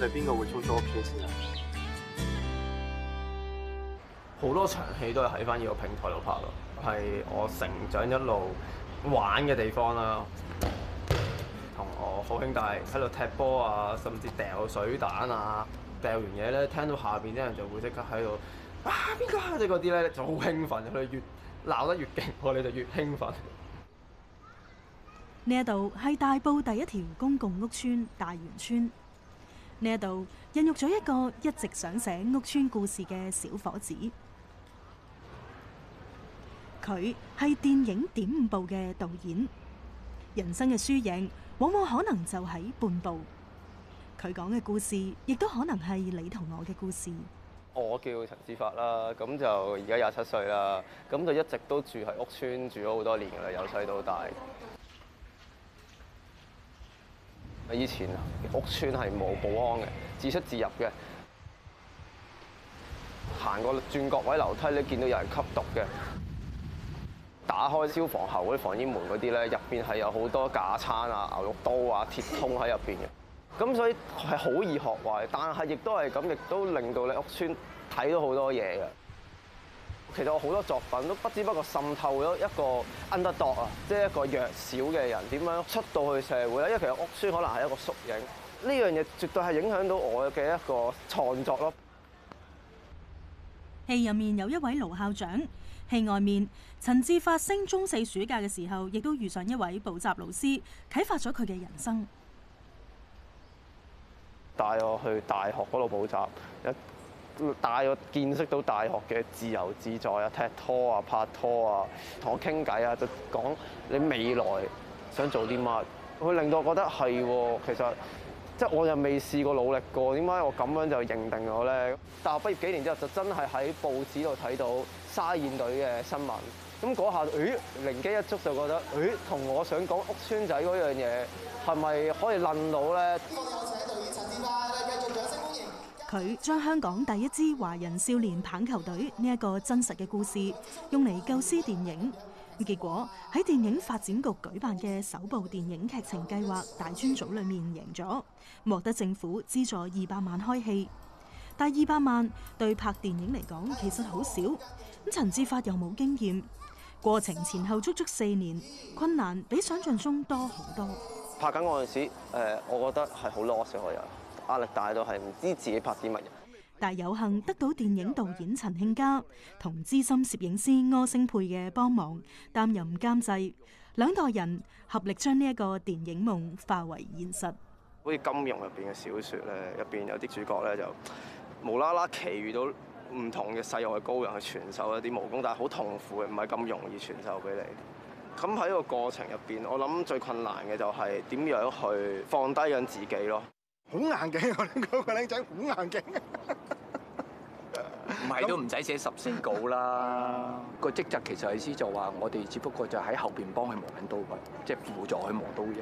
我哋邊個會操操車先啊？好多場戲都係喺翻呢個平台度拍咯，係我成長一路玩嘅地方啦。同我好兄弟喺度踢波啊，甚至掉水彈啊，掉完嘢咧，聽到下邊啲人就會即刻喺度啊！邊個啲嗰啲咧就好興奮，佢越鬧得越勁，我哋就越興奮。呢一度係大埔第一條公共屋邨——大元邨。呢度孕育咗一個一直想寫屋邨故事嘅小伙子，佢係電影點五步嘅導演。人生嘅輸贏，往往可能就喺半步。佢講嘅故事，亦都可能係你同我嘅故事。我叫陳志發啦，咁就而家廿七歲啦，咁就一直都住喺屋邨住咗好多年噶啦，由細到大。以前屋邨係冇保安嘅，自出自入嘅，行過轉角位樓梯咧，見到有人吸毒嘅，打開消防喉嗰啲防煙門嗰啲咧，入邊係有好多架撐啊、牛肉刀啊、鐵通喺入邊嘅，咁所以係好易學壞，但係亦都係咁，亦都令到你屋邨睇到好多嘢嘅。其實我好多作品都不知不覺滲透咗一個 underdog 啊，即係一個弱小嘅人點樣出到去社會咧？因為其實屋邨可能係一個縮影，呢樣嘢絕對係影響到我嘅一個創作咯。戲入面有一位盧校長，戲外面陳志發升中四暑假嘅時候，亦都遇上一位補習老師，啟發咗佢嘅人生，帶我去大學嗰度補習一。帶我見識到大學嘅自由自在啊，踢拖啊，拍拖啊，同我傾偈啊，就講你未來想做啲乜，佢令到我覺得係喎，其實即係我又未試過努力過，點解我咁樣就認定咗咧？大學畢業幾年之後，就真係喺報紙度睇到沙燕隊嘅新聞，咁嗰下誒靈機一觸就覺得誒，同、呃、我想講屋邨仔嗰樣嘢係咪可以諗到咧？佢將香港第一支華人少年棒球隊呢一個真實嘅故事用嚟構思電影，咁結果喺電影發展局舉辦嘅首部電影劇情計劃大專組裏面贏咗，獲得政府資助二百萬開戲。但二百萬對拍電影嚟講其實好少，咁陳志發又冇經驗，過程前後足足四年，困難比想像中多好多。拍緊嗰陣時，誒，我覺得係好 loss 嘅一個人。壓力大到係唔知自己拍啲乜嘢，但係有幸得到電影導演陳慶嘉同資深攝影師柯星沛嘅幫忙，擔任監製。兩代人合力將呢一個電影夢化為現實。好似金庸入邊嘅小説咧，入邊有啲主角咧就無啦啦，奇遇到唔同嘅世外高人去傳授一啲武功，但係好痛苦嘅，唔係咁容易傳授俾你。咁喺個過程入邊，我諗最困難嘅就係點樣去放低緊自己咯。好硬頸，我個個僆仔好硬頸，唔係都唔使寫十四稿啦。個 職責其實意思就話，我哋只不過就喺後面幫佢磨緊刀嘅，即係輔助佢磨刀嘅。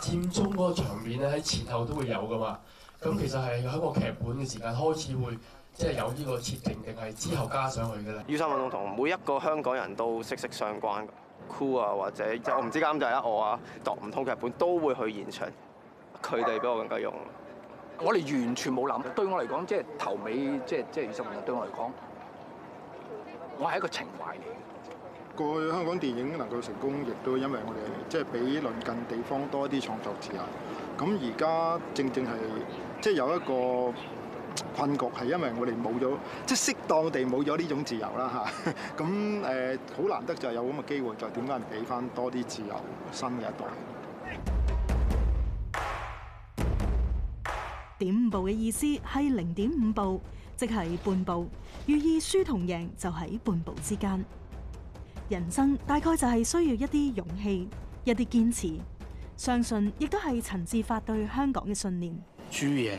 佔中嗰個場面咧，喺前後都會有噶嘛。咁其實係喺個劇本嘅時間開始會即係有呢個設定，定係之後加上去嘅啦？雨傘運動同每一個香港人都息息相關㗎。酷啊，或者即係我唔知監製就係我啊，讀唔通劇本都會去現場，佢哋比我更加勇。我哋完全冇諗，對我嚟講，即係頭尾，即係即係，二十年對我嚟講，我係一個情懷嚟。過去香港電影能夠成功，亦都因為我哋即係比鄰近地方多一啲創作自由。咁而家正正係即係有一個。困局係因為我哋冇咗，即係適當地冇咗呢種自由啦嚇。咁誒好難得就有咁嘅機會，就點解人俾翻多啲自由新嘅一代？點五步嘅意思係零點五步，即係半步，寓意輸同贏就喺半步之間。人生大概就係需要一啲勇氣、一啲堅持，相信亦都係陳志發對香港嘅信念。輸贏。